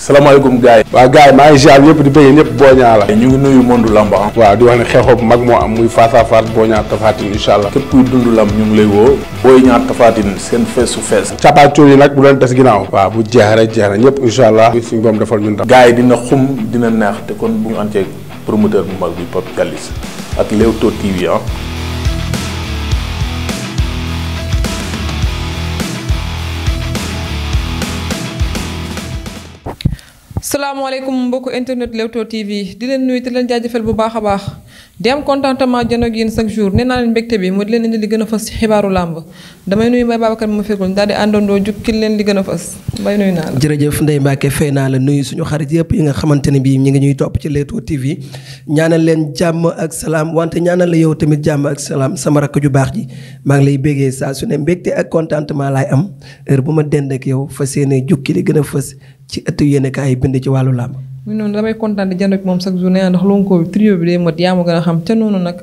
salaamaaleykum gars yi. waaw gars maa ngi ziar ñëpp di bëggee ñëpp Boña la. ñu ngi nuyu monde lamb ah. waaw di wax ne xeexoo bu mag moo am muy face à face Boña Tapha allah. képp kuy dund lamb ñu ngi lay woo. Boy Niang Tapha seen fees su fees. cappaancoor yi nag bu leen des ginnaaw. waa bu jeex rek jeex na ñëpp incha allah. suñu boom defal ñun tam. gars yi dina xum dina neex te kon bu ñu ànd ceeg promoteur bu mag bi Pape Galis ak Leewtoo TV ah. salaamaaleykum mbokku internet Leewtoo TV di leen nuyu di leen jaajëfal bu baax a baax. di am contentement jën ak jour nee naa leen mbégte bi mu di leen indi li gën a fës ci xibaaru làmb damay nuyu Mbaye Babacar bi ma fekkul daal di àndandoo jukkil leen li gën a fës mbay nuyu naa la. jërëjëf Ndeye Mbacke fay naa la nuyu suñu xarit yëpp yi nga xamante ne bii ñu ngi ñuy topp ci Leewtoo TV ñaanal leen jàmm ak salaam wante ñaanal la yow tamit jàmm ak salaam sama rakk ju baax ji maa ngi lay bégee saa su ne mbégte ak contentement laay am heure bu ma dend ak yow fas yéene jukki li gën a fës ci ëttu yéene kaay bind ci wàllu làmb mu noonu damay kontaan di jënd moom chaque jour nee na ndax lonko bi trio bi day mot yaa ma gën a xam ca noonu nag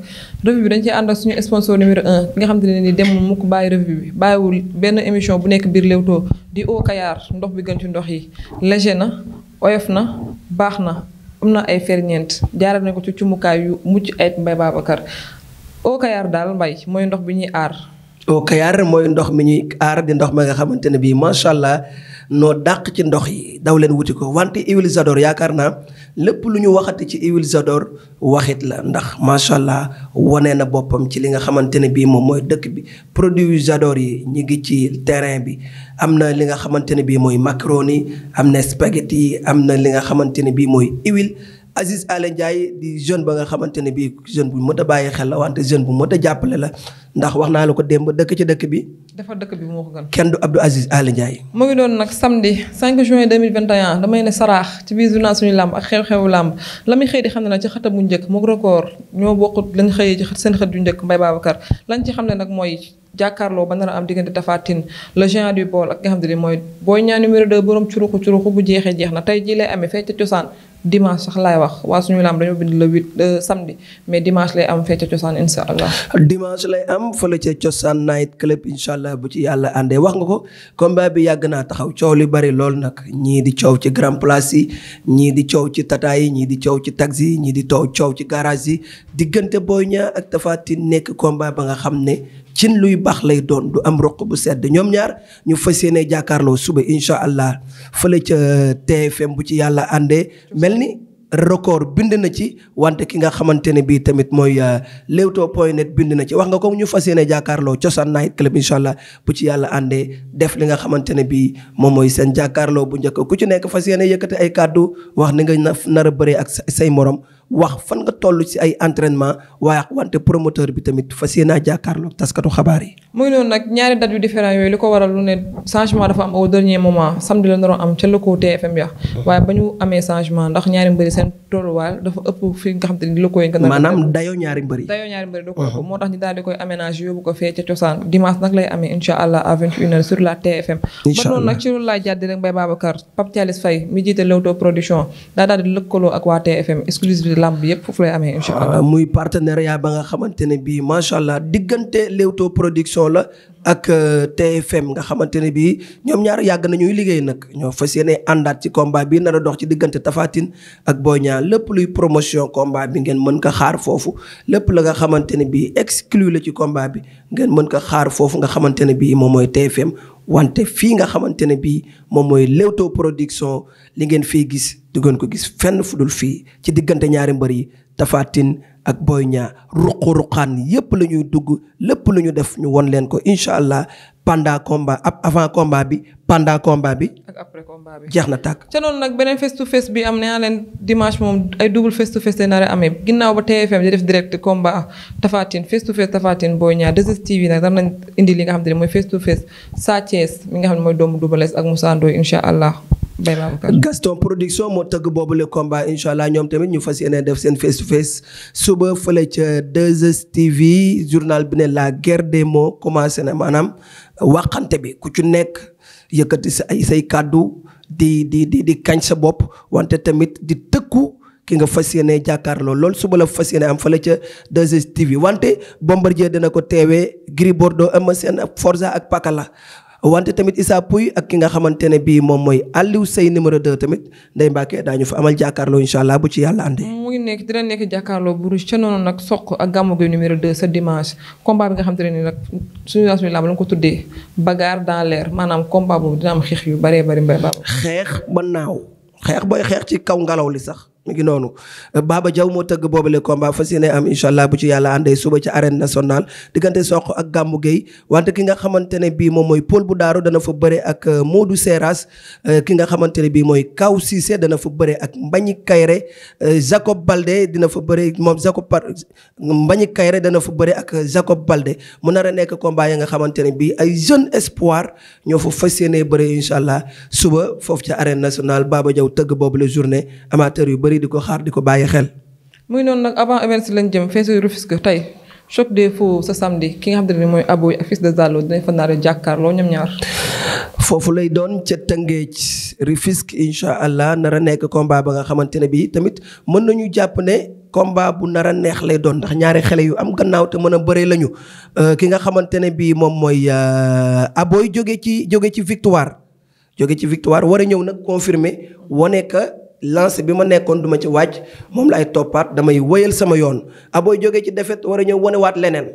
revue bi dañ ci ànd ak suñu sponsor numéro un ki nga xam te ne ni dem mu ko bàyyi revue bi bàyyiwul benn émission bu nekk biir Leewtoo di au Kayar ndox bi gën ci ndox yi léger na oyof na baax na am na ay ferñeent jaarale na ko ci cumukaay yu mucc ayit Mbaye Babacar au Kayar daal mbay mooy ndox bi ñuy aar au Kayar mooy ndox mi ñuy aar di ndox ma nga xamante ne bii macha allah noo dàq ci ndox yi daw leen wuti ko wante huile Zador yaakaar naa lépp lu ñu waxati ci huile Zador waxit la ndax macha allah wane na boppam ci li nga xamante ne bii moom mooy dëkk bi produit Zador yi ñu ngi ci terrain bi am na li nga xamante ne bii mooy macaroni am na spaghetti am na li nga xamante ne bii mooy huile. Aziz Alen Ndiaye di jeune ba nga xamante ne bii jeune bu mot a bàyyi xel la wante jeune bu mot a jàppale la ndax wax naa la ko démb dëkk ci dëkk bi. dafa dëkk bi moo ko gën. kenn du Abdou Aziz Alen Ndiaye. mu ngi doon nag samedi 5 juin 2021 damay ne saraax ci biir journal suñu làmb ak xew-xewu làmb la muy xëy di xam ne nag ci xëtam bu njëkk moog record ñoo bokkut lañ xëyee ci seen xët yu njëkk Mbaye Babacar lañ ci xam ne nag mooy. jàkkaarloo ba nar a am diggante Tapha Tine le géant du Baol ak nga xam borom bu jeexee jeex na tey jii lay amee fee cosaan dimanche sax laay wax waa suñu lamb dañoo bind le huit samedi mais dimanche lay am fee ca cosaan incha allah. dimanche lay am fële ca cosaan night club incha allah bu ci yàlla àndee wax nga ko combat bi yàgg naa taxaw coow li bari lool nag ñii di coow ci grand place yi ñii di coow ci tata yi ñii di coow ci taxi yi ñii di coow coow ci garage yi diggante booy Niang ak Tapha Tine nekk combat ba nga xam ne. cin luy baax lay doon du am roq bu sedd ñoom ñaar ñu fas yéene jàkkaarloo suba incha allah fële ca TFM bu ci yàlla àndee mel ni record bind na ci wante ki nga xamante ne bii tamit mooy euh, Leewtoo point net bind na ci wax nga ko ñu fas yéene jàkkaarloo cosaan night club incha allah bu ci yàlla àndee def li nga xamante ne bii moom mooy seen jàkkaarloo bu njëkk ku ci nekk fas yéene yëkkati ay kàddu wax ni nga nar a bëree ak say morom. wax fan nga toll ci ay entraînement waaye wante promoteur bi tamit fas yéenaa jàkkaarloog taskatu xabaar yi. muy noonu nag ñaari date yu différent yooyu li ko waral lu ne changement dafa am au dernier moment samedi la naroon am ca ndax ñaari mbëri seen tolluwaay dafa ëpp fi nga xam te ni locaux yi. nga maanaam dayoo ñaari mbëri. dayoo ñaari mbëri da ko ëpp moo tax ñu daal di koy aménagé yóbbu ko fee ca cosaan dimanche nag lay amee incha allah à 21 sur la TFM. ba noonu làmb yëpp foofu lay amee incha allah ah, muy partenariat ba nga xamante ne bii macha allah diggante Leewtoo production la ak euh, TFM nga xamante ne bii ñoom ñaar yàgg nañuy liggéey nag ñoo fa yéene àndaat ci combat bii nar dox ci diggante Tapha ak Boy Niang lépp luy promotion combat bi ngeen mën ko xaar foofu lépp la nga xamante ne bii exclu la ci combat bi ngeen mën ko xaar foofu nga xamante ne bii moom mooy TFM wante fii nga xamante ne bii moom mooy Leewtoo production li ngeen fii gis du ngeen ko gis fenn fu dul fii ci diggante ñaari mbër yi Tapha Tine ak Boy Niang ruqu-ruqaan yépp la ñuy dugg lépp lu ñu def ñu won leen ko incha allah pendant combat ab avant combat bi pendant combat bi. ak après jeex na tàkk. ca noonu nag beneen face to face bi am naa leen dimanche moom ay double face to face a amee ginnaaw ba TFM di def direct combat Tapha Tine face to face Tapha Tine Boy Niang 2STV nag dam nañ indi li nga xam ne mooy face to face Sa Thiès mi nga xam ne mooy doomu Double Less ak Moussa Ndoye incha allah. Gaston production moo tëgg boobu le combat incha allah ñoom tamit ñu fas yéene def seen face to face suba fële ca 2STV journal bi ne la guerre des mots commencé na maanaam waxante bi ku ci nekk yëkkati sa ay say kàddu di di di di kañ sa bopp wante tamit di tëkku. ki nga fas yéene jàkkaarloo lool suba la fas yéene am fële ca 2STV wante Bombardier dina ko teewee Gris Bordeaux Eumeu seen ak Forza ak Pakala wante tamit Issa Pouye ak ki nga xamante ne bii moom mooy Aliou say numéro 2 tamit Ndeye Mbacke daañu fa amal jàkkaarloo incha bu ci yàlla àndee. mu ngi nekk dina nekk jàkkaarloo bu ruus ca noonu nag soq ak gàmmu gi numéro 2 sa dimanche combat bi nga xamante ne nii nag suñu naas bi laa ko tuddee bagaar dans leer maanaam combat boobu dina am xeex yu bëree bari mbay baax. xeex ba naaw xeex booy xeex ci kaw ngelaw li sax. mi ngi noonu baaba jaw moo tëgg boobale combat fas yéene am incha allah bu ci yàlla àndee suba ci arène nationale diggante Sokh ak Gamou Gueye wante ki nga xamante ne bii moom mooy Paul bu daaru dana fa bëre ak euh, Modou Seras euh, ki nga xamante ne bii mooy Kaw Cissé dana fa bëre ak Mbañi Kayre euh, Jacob Balde dina fa bëre moom Jacob par Mbañi Kayre dana fa bëre ak Jacob Balde mu nar nekk combat ya nga xamante ne bii ay jeune espoir ñoo fas yéene bëre incha allah suba foofu ci arène nationale Baba jaw tëgg boobale journée amateur yu bëri yi di ko xaar di ko bàyyi xel. muy noonu nag avant events lañ jëm feesu Rufisque tey choc des fous sa samedi ki nga xam ne mooy Aboy ak de Zalo dinañ fa ñoom ñaar. foofu lay doon ca Tëngéej Rufisque incha allah nar nekk combat ba nga xamante ne bii tamit mën nañu jàpp ne. combat bu nar a neex lay doon ndax ñaari xale yu am gannaaw te mën a bëree lañu euh, ki nga xamante ne bii moom mooy euh, Aboy jóge ci jóge ci victoire jóge ci victoire war a ñëw nag confirmer wane ka lancé bi ma nekkoon du ma ci wàcc moom laay toppaat damay wëyal sama yoon abooy ah, jógee ci defet war a ñëw wanewaat leneen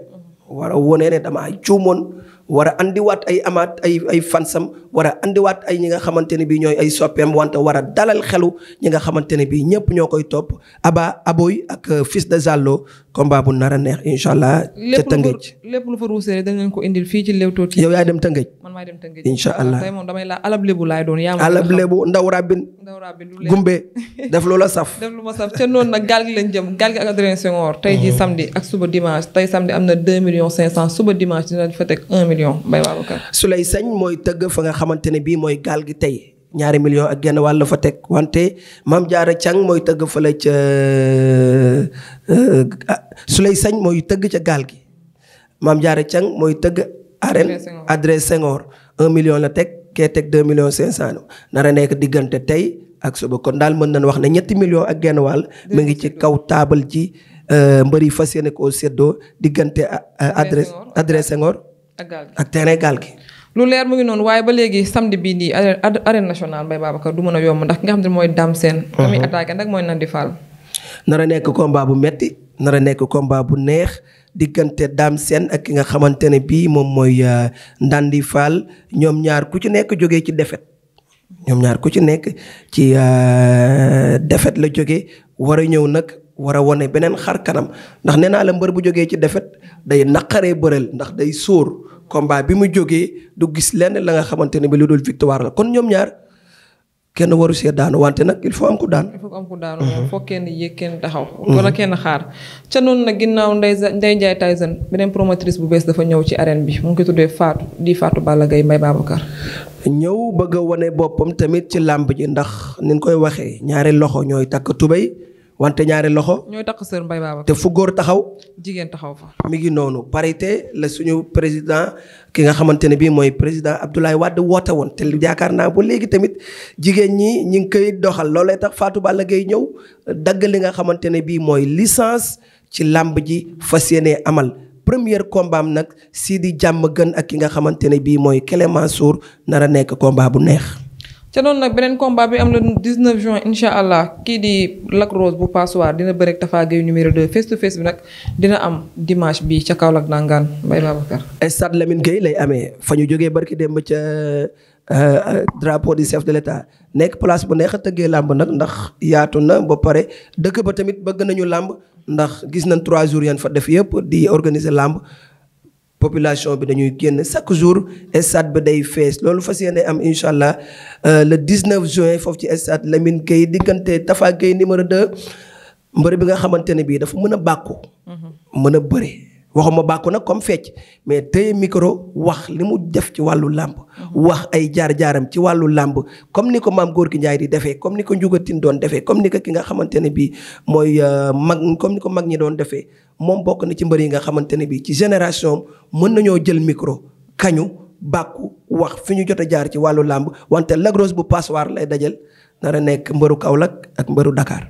war a wone ne damaa juumoon war a andiwaat ay amaat ay ay sam war a andiwaat ay ñi nga xamante ne bii ñooy ay soppeem wante war a dalal xelu ñi nga xamante ne bii ñëpp ñoo koy topp Aba Aboy ak euh, Fils de Zallo combat bu nar a neex incha allah. ca Tëngéej lépp lu fa ruusee dañ indil fii ci Leewtoo TV. yow dem Tëngéej. man maay dem Tëngéej incha allah tey moom la alab lébu laay loola saf. def ma saf ca noonu nag gaal gi lañ jëm gaal gi ak Adrien Senghor. tey ji mm. suba dimanche tey samedi am na 2 millions 500 suba dimanche dinañ fa teg million mbay Babacar. Souley Sègne mooy tëgg fa nga xamante ne bii mooy gaal gi tey ñaari million ak genn wàll fa teg wante Maam Jaara Cang mooy tëgg fële ca euh, euh, Suley Sañ mooy tëgg ca gaal gi Maam Jaara Cang mooy tëgg arène adresse Senghor un million la teg kee teg deux millions cinq cent nara nekk diggante tey ak suba kon daal mën nañ wax ne ñetti million ak genn wàll mu ngi ci kaw taabal ji euh, mbëri fas yéene koo séddoo diggante adresse adresse Senghor ak terrain gaal gi lu leer mu ngi noonu waaye ba léegi samedi bii nii arène nationale Mbaye Babacar du mën a yomb ndax ki nga xam ne mooy Dame Sène tamit attaqué nag a nekk combat bu metti nar a nekk combat bu neex diggante Dame Sène ak ki nga xamante ne bii moom mooy euh, Ndandi Fall ñoom ñaar ku ci nekk jógee ci defet ñoom ñaar ku ci nekk ci euh, defet la jógee war a ñëw nag war a wone beneen xar kanam ndax nee naa la mbër bu jógee ci defet day naqaree bëreel ndax day sóor combat bi mu jógee du gis lenn la nga xamante ne bi lu dul victoire la kon ñoom ñaar kenn waru see daanu wante nag il faut am ko daan. il faut am daanu moom mhm. foo kenn yéeg kenn taxaw. Mhm. wala kenn xaar ca noonu nag ginnaaw Ndeye Ndeye Ndiaye Tyson beneen promotrice bu bees dafa ñëw ci arène bi mu ngi tuddee Fatou di Fatou Balla Gaye Mbaye Babacar. ñëw bëgg a wane boppam tamit ci làmb ji ndax ni koy waxee ñaari loxo ñooy takk tubéy wante ñaari loxo. ñooy takk sër Mbaye Babacar te fu góor taxaw. jigéen taxaw fa. mi ngi noonu parité la suñu président ki nga xamante ne bii mooy président Abdoulaye Wade woote woon te yaakaar naa ba léegi tamit jigéen ñi ñu ngi koy doxal loola tax Fatou bala gay ñëw dagg li nga xamante ne bii mooy licence ci làmb ji fas yéene amal. première combat nag si di jàmm gën ak ki nga xamante ne bii mooy Clément Sour nar a nekk combat bu neex. ca noonu nag beneen combat bi am la 19 juin incha allah kii di Lac Rose bu Passoir dina bëreeg Tapha Gueye numéro 2 face to face bi nag dina am dimanche bi ca Kaolack nangaan Mbaye Babacar. stade Lamine Gueye lay amee fa ñu jógee barki démb ca euh, euh, drapeau du chef de l'état nekk place bu neex a tëggee làmb nag ndax yaatu na ba pare dëkk ba tamit bëgg nañu làmb ndax gis nañ trois jours yan fa def yëpp di organiser làmb. population bi dañuy génn chaque jour stade bi day fees loolu fas yéene am incha allah euh, le 19 juin foofu ci stade Lamine Gueye diggante Tafa Gueye numéro de mbër bi nga xamante ne bii dafa mën a bàkku mën a bëre. waxuma bàkku nag comme fecc mais tey micro wax li mu def ci wàllu làmb wax ay jaar-jaaram ci wàllu làmb comme ni ko maam góor gi Njaay di defee comme ni ko njugatin doon defee comme ni ko ki nga xamante ne bii mooy euh, mag comme ni ko mag ñi doon defee moom bokk na ci mbër yi nga xamante ne bii ci génération mën nañoo jël micro kañu bàkku wax fi ñu jot a jaar ci wàllu làmb wante lagros Rose bu passoire lay dajal nar a nekk mbëru Kaolack ak mbëru dakaar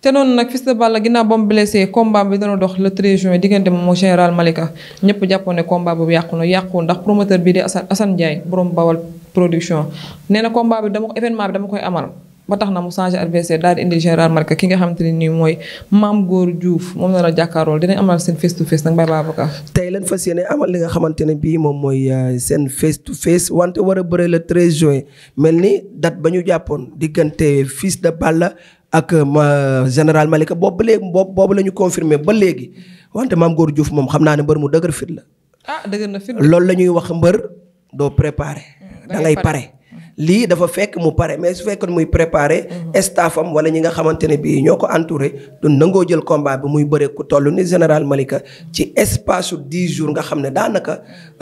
te noonu nag Fils de Balla ginnaaw ba mu blessé combat bi dana dox le 13 juin diggante moom général Malika ñëpp jàppoon ne combat boobu yàqu na yàqu ndax promoteur bii di Assane Assane Ndiaye borom bawal production nee na combat bi dama ko événement bi dama koy amal. ba tax na mu changé adversaire daal di indi général Malika ki nga xamante ne nii mooy maam góor Diouf moom la la jàkkaarool dinañ amal seen face to face nag Mbaye Babacar. tey lañ fas yéene amal li nga xamante ne bii moom mooy euh, seen face to face wante war a bëre le 13 juin mel ni date ba ñu jàppoon diggante fils de Balla ak ma euh, général Malika boobu boobu la ñu ba léegi wante maam góor Diouf moom xam naa ne mbër mu dëgër fit la. ah dëgër loolu la ñuy wax mbër doo préparé. Hmm, da pare lii dafa fekk mu pare mais su fekkoon muy préparé. Mhm. staffam wala ñi nga xamante ne bii ñoo ko entouré du nangoo jël combat bi muy bëre ku toll ni général Malika ci espace su 10 jours nga xam ne daanaka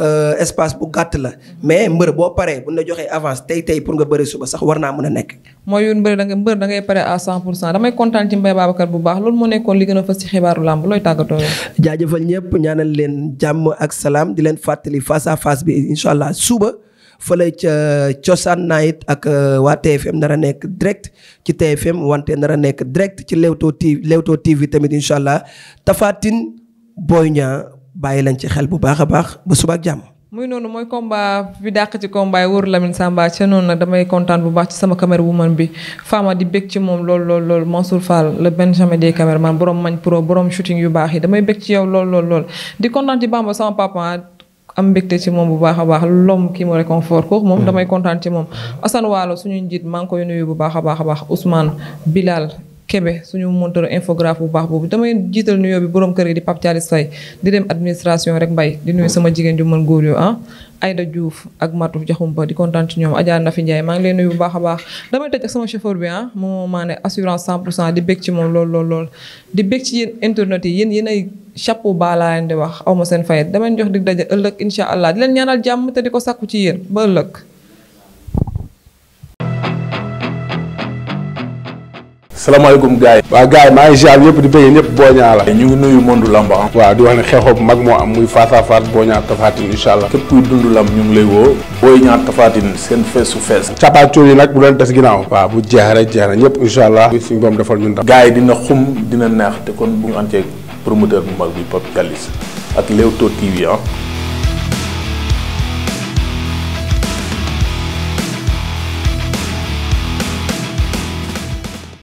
euh, espace bu gàtt la mais mbër boo paree bu la joxee avance tey tey pour nga bëre sax war naa mën a nekk. mooy yoon mbër da nga mbër kontaan ci Mbaye Babacar bu baax loolu moo nekkoon li gën a fës ci xibaaru làmb looy tàggatoo jaajëfal ñëpp ñaanal leen jàmm ak salaam di leen fàttali face à face bi incha allah suba. fële ca cosaan night ak uh, waa TFM nar nekk direct ci TFM wante nar a nekk direct ci Leewtoo TV Leewtoo TV tamit incha allah Tapha Tine ñaa Niang bàyyi lañ ci xel bu baax a baax ba suba ak jàmm. muy noonu mooy combat bi dàq ci komba yi wóoru Lamine Samba ca na damay kontaan bu baax ci sama caméra man bi Fama di bég ci moom lool lool lool Mansour Fall le Benjamin des caméraman borom mañ pro borom shooting yu baax yi damay bég ci yow lool lool di kontaan am mbégte ci moom bu baax a baax l'homme qui me réconforte kooku moom hmm. damay kontaan ci moom asan Waalo suñu njiit maa ngi koy nuyu bu baax a baax a baax Ousmane Bilal Kébé suñu monteur infographe bu baax boobu damay jiital nuyoo bi borom kër yi di Pape Thialis Faye di dem administration rek mbay di nuyu sama jigéen ju mën góor yoo ah Aïda Diouf ak Matou Diakhoumpa di kontaan ci ñoom Adja Nafi Ndiaye maa ngi leen nuyu bu baax baax damay tëj ak sama chauffeur bi ah moom maa ne assurance di bég ci moom lool lool lool di bég ci yéen internet yi yéen yéen ay chapeau baa laa di wax aw ma seen fayet dama jox di daje ëllëg incha allah di leen ñaanal jàmm te di ko sakku ci yéen ba ëllëg salaamaaleykum gars yi. waaw gars maa ngi ziar ñëpp di bëggee ñëpp Boña la. ñu ngi nuyu monde lamb ah. waaw di wax ne xeexoo mag moo am muy face à face Boña Tapha Tine incha allah. képp kuy dund lamb ñu ngi lay woo. Boy Niang Tapha seen fees su fees. cappaacoo yi nag bu doon des ginnaaw. waaw bu jeex rek jeex na ñëpp incha allah. muy suñu boom defal ñun tam. gars dina xum dina neex te kon bu ñu ànd ceeg promoteur bu mag bi Pape Galis ak Leewtoo TV ah.